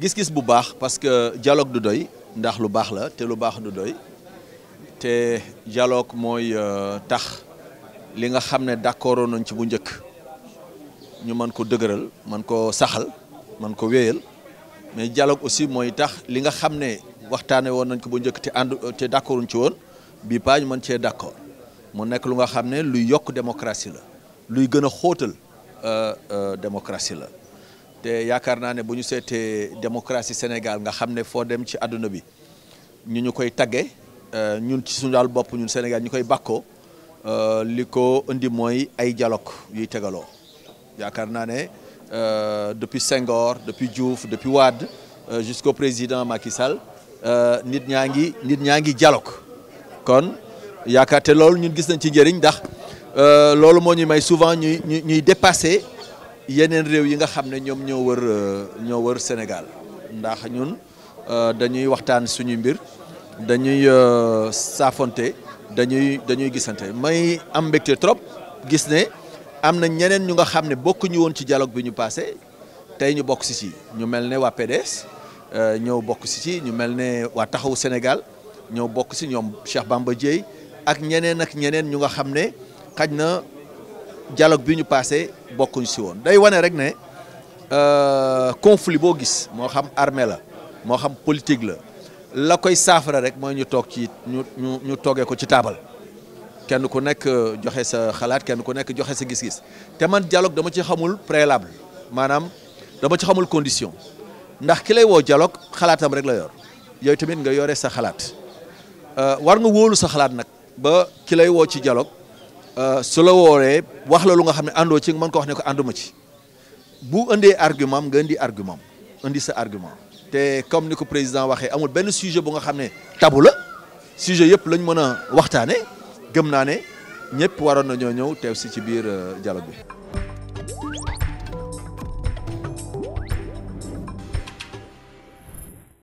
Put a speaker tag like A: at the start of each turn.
A: gis-gis bu baax parce que dialogue du doy ndax lu baax la te lu baax du doy te dialogue mooy euh, tax li nga xam ne d'accord nañ ci bu njëkk ñu mën ko dëgëral mën ko saxal mën ko wéyal mais dialogue aussi mooy tax li nga xam ne waxtaanee woon nañ ko bu njëkk te ànd te d'accorduñ ci woon bii paa ñu mën cee d'accord mu nekk lu nga xam ne luy yokk démocratie la luy gën a xóotal euh, euh, démocratie la te yaakaar naa ne bu ñu seetee démocratie Sénégal nga xam ne foo dem ci àdduna bi ñu ñu koy tagge euh, ñun ci suñu daal bopp ñun Sénégal ñu koy bàkkoo li ko indi mooy ay dialogue yuy tegaloo yaakaar naa ne depuis Senghor depuis Diouf depuis Wade jusqu'au président Macky Sall nit ñaa ngi nit ñaa ngi dialogue kon yaakaar te loolu ñun gis nañ ci njëriñ ndax Euh, loolu moo ñu may souvent ñuy ñuy ñuy dépasser yeneen réew yi nga xam ne ñoom ñoo wër euh, ñoo wër Sénégal ndax ñun euh, dañuy waxtaan suñuy mbir dañuy saafonte dañuy dañuy gisante may am mbégte trop gis ne am na ñeneen ñu nga xam ne bokkuñu woon ci dialogue bi ñu passé tey ñu bokk si ci ñu mel ne waa PDS ñëw bokk si ci ñu mel ne waa Taxawu Sénégal ñëw bokk si ñoom Cheikh Bamba Dièye ak ñeneen ak ñeneen ñu nga xam ne. xaj na jaloog bi ñu paase bokkuñ si woon day wane rek ne euh, conflit boo gis moo xam armée la moo xam politique la la koy saafara rek mooy ñu toog ci ñu ñu ñu toogee ko ci taabal kenn ku nekk euh, joxe sa xalaat kenn ku nekk joxe sa gis-gis te man dialogue dama ci xamul préalable maanaam dama ci xamul condition ndax ki lay woo dialogue xalaatam rek la yor yooyu tamit nga yore sa xalaat euh, war nga woolu sa xalaat nag ba ki lay woo ci dialogue Euh, su la wooree wax la lu nga xam ne àndoo ci nga mën ko wax ne ko ànduma ci bu indee argument nga indi argument indi sa argument te comme ni ko président waxee amul benn sujet bu nga xam ne tabu la sujet yëpp lañ mën a waxtaane gëm naa ne ñëpp waroon na ñoo ñëw teew si ci biir euh, dialogue bi